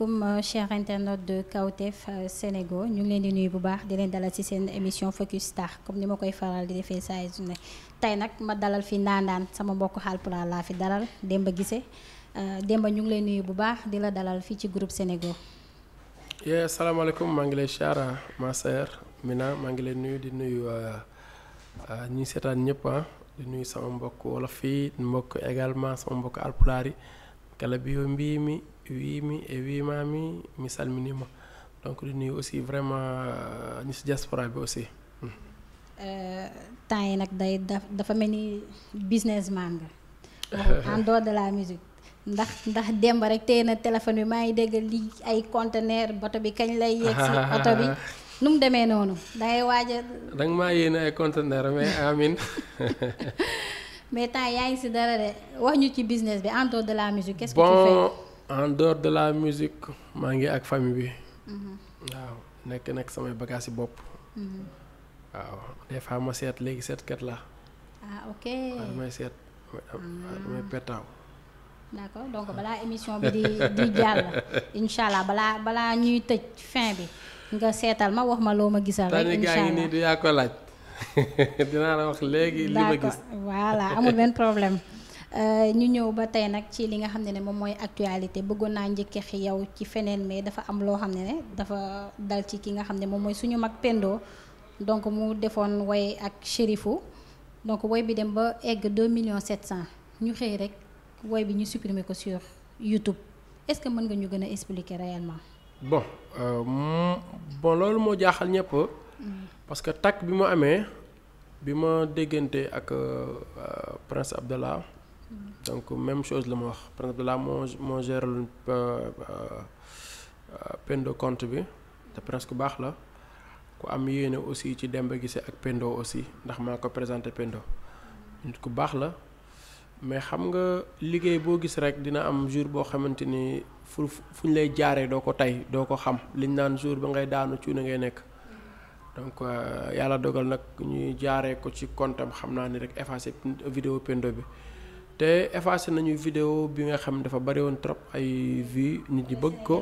asalaamaaleykum euh, chers internautes de Kawtef euh, Sénégal ñu ngi leen di nuyu bu baax di leen dalal ci seen émission Focus Star comme ni ma koy faral di defee saa su ne tey nag ma dalal fi naandaan sama mbokk Haalpulaar laa fi dalal Demba Guissé euh, Demba ñu ngi lay nuyu bu baax di la dalal fii ci groupe Sénégal. yee asalaamaaleykum maa ngi lay chara ma sœur na maa ngi leen nuyu di nuyu ñi seetaan ñëpp ah. di nuyu sama mbokk wolof yi mbokk également sama mbokk Haalpulaar yi kala bi wiimi e wimami mi eh, salminima donc di nuyu aussi vraiment euh, ñi si diaspora bi aussi hmm. euh, temps yi nag day dafa mel ni businessman nga en de la musique ndax ndax demb rek te na téléphone bi maa ngi dégg lii ay conteneur bato bi kañ lay yegg si oto bi nu mu demee noonu dangay waaja danga maa yéene ay conteneur mais amin mais temps yaa ngi si dara de wax ñu ci business bi en de la musique quest en dehors de la musique maa ngi ak famille bi. Mhm. waaw nekk nekk samay bagages yi bopp. Mhm. waaw des fois ma seet léegi seetkat laa. ah ok waaw damay seet damay ah. petaaw. d'accord donc balaa émission bi di di jàll incha allah balaa balaa ñuy tëj fin bi nga seetal ma wax ma loo ma gisal rek ngi nii du la wax léegi li ma gis. voilà amul benn problème. Euh, ñu ñëw ba tey nag ci li nga xam ne ne moom mooy actualité bëggoon naa njëkke xi yow ci feneen mais dafa am loo xam ne ne dafa dal ci ki nga xam ne moom mooy suñu mag Pendo donc mu defoon woy ak Chérifou donc woy bi dem ba egg million millions 700 ñu xëy rek woy bi ñu supprimer ko sur YouTube est-ce que mën nga ñu gën a expliquer réellement. bon euh, loolu moo jaaxal ñëpp. Mm. parce que takk bi mu amee bi ma déggante ak euh, Prince Abdallah donc même chose la ma wax par exemple là moo moo géraloon euh, euh, Pendo compte bi te presque baax la ku am yéene aussi ci Demba Guissé ak Pendo aussi ndax maa ko présenté Pendo nit ku baax la mais xam nga liggéey boo gis rek dina am jour boo xamante ni fu fu ñu lay jaaree doo ko tey doo ko xam liñ naan jour ba ngay daanu cuuna ngay nekk donc euh, yàlla dogal nag ñuy jaaree ko ci compte am xam naa ni rek effacé vidéo Pendo bi te effacé nañu vidéo bi nga xam dafa bari trop ay vues nit ñi bëgg ko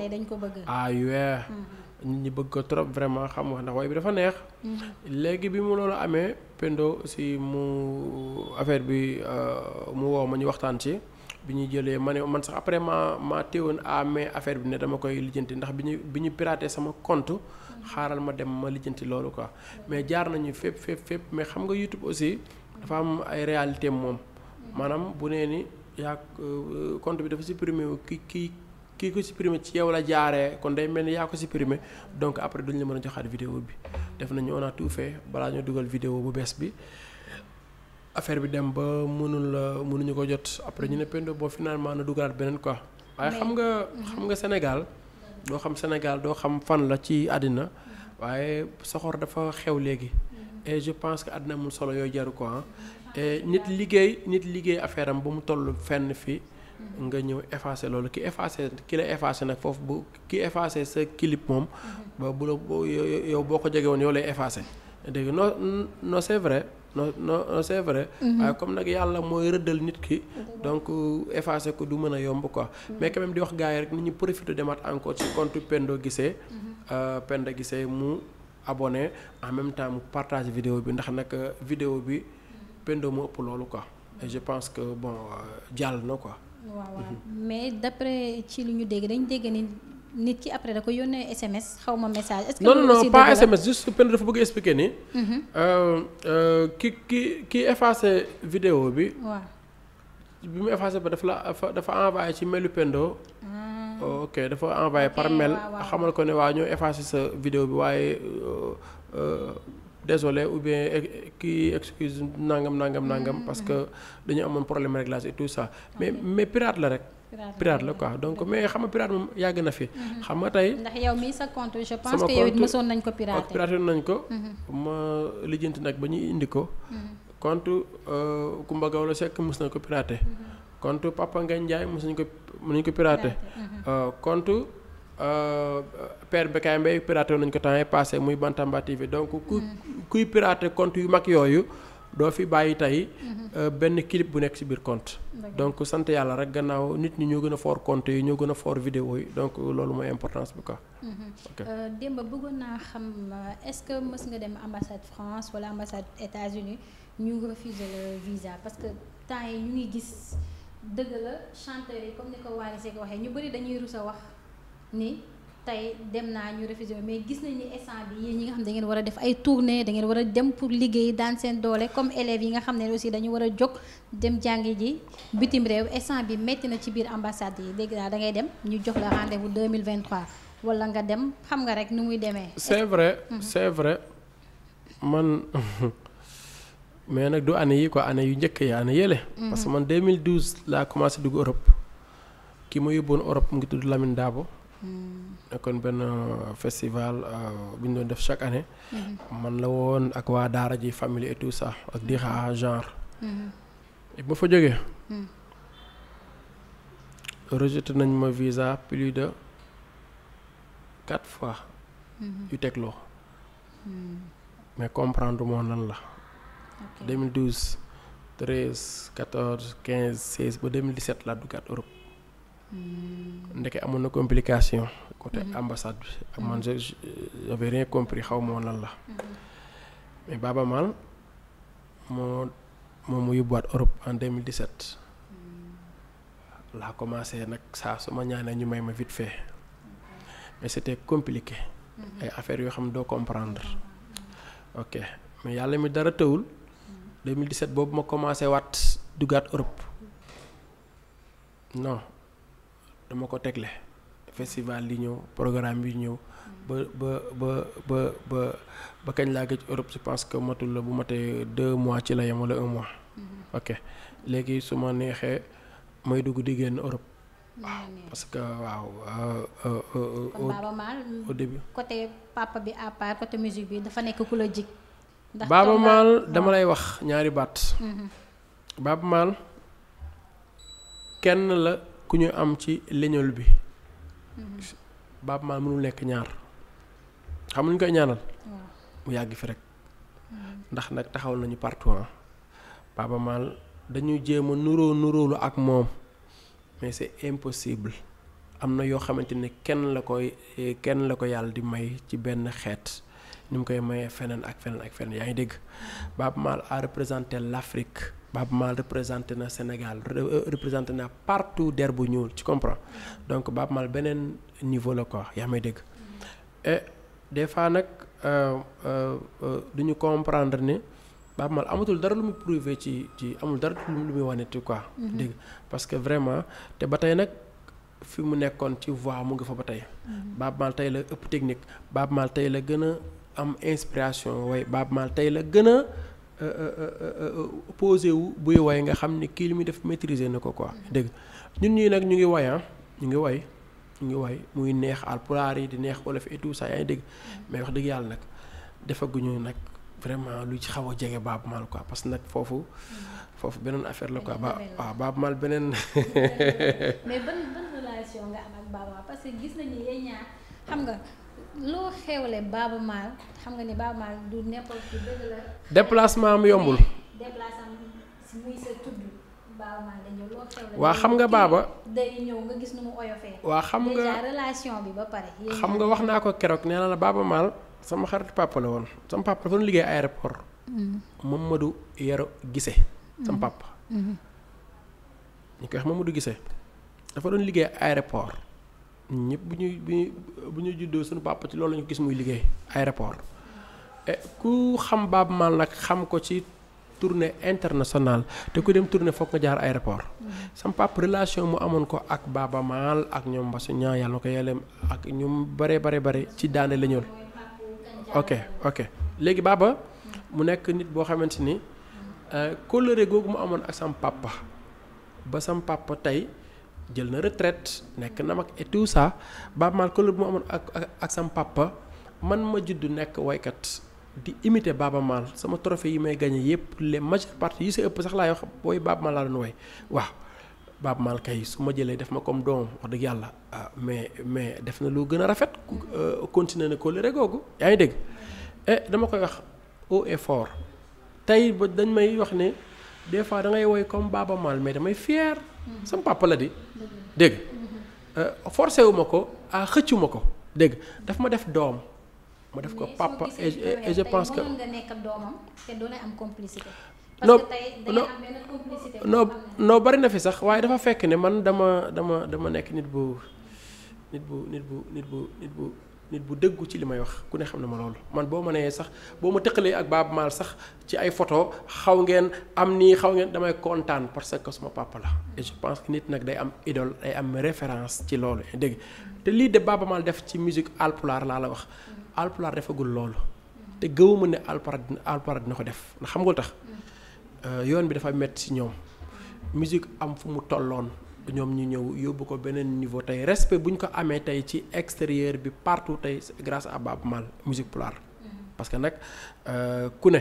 ay weer ah, mm-hmm. nit ñi bëgg ko trop vraiment xam nga ndax way bi dafa neex mm-hmm. léegi bi mu loolu amee Pendo si mu affaire bi euh, mu woo ma ñu waxtaan si bi ñu jëlee ma ne man sax après ma ma téewoon a mais affaire bi ne dama koy lijjanti ndax bi ñu bi ñu piraté sama compte mm-hmm. xaaral ma dem ma lijjanti loolu quoi mais jaar nañu fépp fépp fépp mais xam nga YouTube aussi dafa am ay réalité moom maanaam bu nee ni yaa kont euh, bi dafa supprimer wu ki ki kii ko supprimer ci yow la jaare kon day mel ni yaa ko supprimer donc après duñ la mën a joxaat vidéo bi def nañu on a tout fait balaa ñoo dugal vidéo bu bees bi affaire bi dem ba mënul euh, mënuñu ko jot après ñu ne Pendo boo finalement na dugalaat beneen quoi. waaye xam nga xam nga Sénégal doo xam Sénégal doo xam fan la ci àddina waaye soxor dafa xew léegi. Mm-hmm. et je pense que àddina mu solo yooyu jaru quoi Eh, nit liggéey nit liggéey affaire am ba mu toll fenn fi nga ñëw effacé loolu ki effacé ki la effacé nag foofu bu ki effacé sa clip moom. ba bu la yow boo ko jege woon yow lay effacé. no nga non no c'est vrai non mhm. waaye comme nag yàlla mooy rëddal nit ki. donc euh, effacé ko du mën a yomb quoi. Mhm. mais quand même di wax gars yi rek nit ñu profité demaat encore ci compte Pendo Guissé. Mhm. Euh, Pendo Guissé mu abonné en même temps mu partage vidéo bi ndax nag euh, vidéo bi. Pendo moo ëpp loolu quoi et je pense que bon euh, jàll na quoi. waaw waaw mhm. mais d'après ci lu ñu dégg dañ dégg ni nit ki après da ko yónnee SMS xaw ma message. est-ce que non non pas SMS juste Pendo dafa bëgg expliquer ni. Mhm. Euh, euh, ki ki ki effacé vidéo bi. waaw bi mu effacé ba dafa la dafa envoyé ci melu Pendo. Ah. Oh, ok dafa envoyé par mail xamal ko ne waa ñoo effacé sa vidéo bi waaye désolé ou bien kii excuse nangam nangam nangam mm-hmm. parce dañu amoon problème réglage et tout ça mais mais pirate la rek. pirate la quoi donc mais mm-hmm. xam nga tey ndax sa compte je pense que yow it mësoon nañ ko piraté. nañ ko. Mm-hmm. ma lijjanti nag ba ñuy indi ko. compte Kumba euh, Gawlo Seck mës na ko piraté. compte Papa Ngagne Ndiaye mës nañ ko mën euh, compte. Euh, père Bécaye Mbaye piraté nañ ko temps yi passé muy Bantamba bi donc kuy mm-hmm. kuy piraté compte yu mag yooyu doo fi bàyyi tey mm-hmm. euh, benn kilip bu nekk ci biir compte donc sant yàlla rek gannaaw nit ñi ñoo gën a fort compte yi ñoo gën a foor vidéo yi donc loolu mooy importance bi mm-hmm. ko euh, démb bëggoon naa xam est-ce que mës nga dem ambassade France wala ambassade États-Unis ñu refuser le visa parce que temps yi ñu ngi gis dëgg la chanteur yi comme ni ko wax. ni tey dem naa ñu réfusion mais gis nañ ni instant bi yéen ñi nga xam ne dangeen war a def ay tournée da ngeen war a dem pour liggéey daan seen doole comme élèves yi nga xam ne aussi dañu war a jóg dem jàngi ji bitim réew instant bi métti na ci biir ambassade yi da ngay dem ñu jox la rendez-vous 2023 wala nga dem xam nga rek ni muy demee. c'est vrai mhm. c'est vrai man mais nag du année yi quoi année yu njëkk yi année yële. Mhm. parce que man 2012 laa commencé dugg Europe ki ma yóbboon Europe mu ngi tudd Lamine Dabo. nekkoon benn euh, festival euh, bu ñu doon def chaque année. Mm-hmm. man la woon ak waa Daara ji famille et tout ça ak di xaa mm-hmm. genre. Mm-hmm. ba fa jógee. Mm. rejeté nañ ma visa plus de quatre fois. yu tegloo. Mm. mais comprendre moo nan la. 2012 13 14 quinze 16 ba 2017 laa duggaat Europe. Mm. ndeke amoon na complication. côté mm-hmm. ambassade bi. ak man mm-hmm. je j'avais rien xaw ma woon la. Mm-hmm. mais Baaba Maal moo moom mu yóbbuwaat Europe en 2017. Mm. laa commencé nag saa su ma ñaanee ñu may ma vite fait mais c'était compliqué. ay affaires yoo xam ne doo comprendre. ok mais yàlla mi dara tëwul. 2017 mm. boobu ma commencé waat dugaat Europe non. dama ko tegle festival yi ñëw programme yi ñëw ba ba ba ba ba ba kañ laa gëj Europe je pense que matul la bu matee deux mois ci la yem wala un mois mm-hmm. ok léegi su ma neexee may dugg di génn Europe waaw que waaw. Euh, euh, euh, kon Baaba Maal au papa bi à part côté bi dafa nekk ku la jig. Baaba Maal dama lay wax ñaari baat. Mm-hmm. Baaba Maal kenn la. ku ñu am ci leñol bi mm-hmm. Baaba Maal mënul nekk ñaar xam ñu koy ñaanal oh. mu yàgg fi rek mm-hmm. ndax nag taxaw nañu partout ah. Baaba Maal dañu jéem a nuróo nuróolu ak moom mais c'est impossible am na yoo xamante ni kenn la koy eh, kenn la ko yàlla di may ci benn xeet ñu mu koy mayee feneen ak feneen ak feneen yaa ngi dégg mm-hmm. Baaba Maal a représenté l'Afrique Baaba Maal représenté na Sénégal euh, représenté na partout der bu ñuul ci comprends donc Baaba mal beneen niveau la quoi yaa may dégg. et fois nag euh, euh, du comprendre ni Baaba mal amatul dara lu mu prouvé ci ci amul dara lu muy wane quoi. Mhm. dégg parce que vraiment te ba tey nag. fi mu nekkoon ci voix mu nga fa ba tey Baaba mhm. Maal tey la ëpp technique Baaba Maal tey la gën a am inspiration waaye Baaba Maal tey la gën a Euh, euh, euh, posé wu buy way nga xam ni kii li muy def maîtriser na ko quoi dégg ñun ñii nag ñu ngi way ah, ñu ngi way ñu ngi woy muy neex alpulaar yi di neex olof et tout ça yaa ngi dégg mm. mais wax dëgg yàlla nag defaguñu nag vraiment lu ci xaw a jege Baaba Maal quoi parce que nag foofu mm. foofu beneen affaire la quoi ba waaw Baaba Maal beneen. mais ban ban relation nga ñaar xam nga. loo xewle Baaba Maal xam nga ni déplacement am yombul. waa xam nga Baaba. day ñëw nga gis waa xam nga déjà relation xam nga wax naa ko keroog nee na la Baaba Maal sama xarit papa la woon sama papa dafa doon liggéey aéroport. Mm-hmm. Mamadou Yero Gise. sama mm-hmm. papa. Mm-hmm. ñu koy ma Mamadou Gise dafa doon liggéey aéroport. ñëpp bu ñuy bu ñuy juddoo suñu papa ci loolu lañu gis muy liggéey aéroport eh, ku xam Baaba Maal nag xam ko ci tournée internationale te ku dem tournée foog nga jaar aéroport mm-hmm. sam papa relation mu amoon ko ak Baaba Maal ak ñoom Mbassou Niang yàlla ko yàlla ak ñoom bare bare bare ci daane la ñuul ok ok léegi Baaba mu nekk nit boo xamante ni eh, kóllëre googu mu amoon ak sam ba sam tey jël na retraite nekk na mag et tout ça Baaba Maal këlëb mu ak ak sam papa man ma judd nekk waykat di imiter Baaba Maal sama trophée yi may gagné yëpp le majeure partie yi si ëpp sax laay wax booy Baaba Maal laa doon woy waaw Baaba kay su ma jëlee def ma comme doom wax dëgg yàlla ah, mais mais def na lu gën a rafet euh, continuer na kóllëre googu yaa ngi dégg eh dama koy wax haut et fort tey ba dañ may wax ne des fois da ngay woy comme Baaba Maal mais damay fier mm-hmm. sama papa dégg euh, forcé wu ma ko ah xëccu ko dégg dafa ma def doom ma def ko papa et je pense que doomam te doo am complicité non non bari na fi sax waaye dafa fekk ne man dama dama dama nekk nit bu nit bu nit bu nit bu nit bu nit bu dëggu ci li may wax ku ne xam ne ma loolu man boo ma nee sax boo ma tëqalee ak Baaba Maal sax ci ay photo xaw ngeen am nii xaw ngeen damay kontaan parce que suma papa et je pense que nit nag day am idole day am référence ci loolu dégg te lii de Baaba def ci musique alpulaar laa la wax alpulaar defagul loolu te gëwuma ne alpulaar dina alpulaar dina ko def ndax xam nga tax mm. euh, yoon bi dafa metti ci ñoom musique am fu mu tolloon ñoom ñu ñëw yóbbu ko beneen niveau tey respect bu ñu ko amee tey ci extérieur bi partout tey grace à Baaba Maal musique pulaar mm-hmm. parce que nag euh, ku ne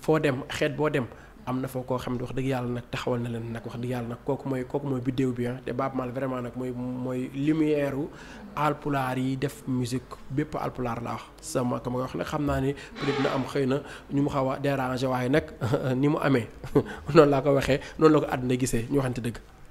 foo dem xeet boo dem am na foo koo xam ne wax dëgg yàlla nag taxawal na leen nag wax dëgg yàlla nag kooku mooy kooku mooy biddéew bi ah te Baaba Maal vraiment nag mooy mooy lumière u alpulaar def musique bépp alpulaar laa wax sama ka wax nag xam naa ni peut na am xëy na ñu mu xaw a dérangé waaye nag ni mu amee noonu laa ko waxee noonu la ko àddina gisee ñu waxante dëgg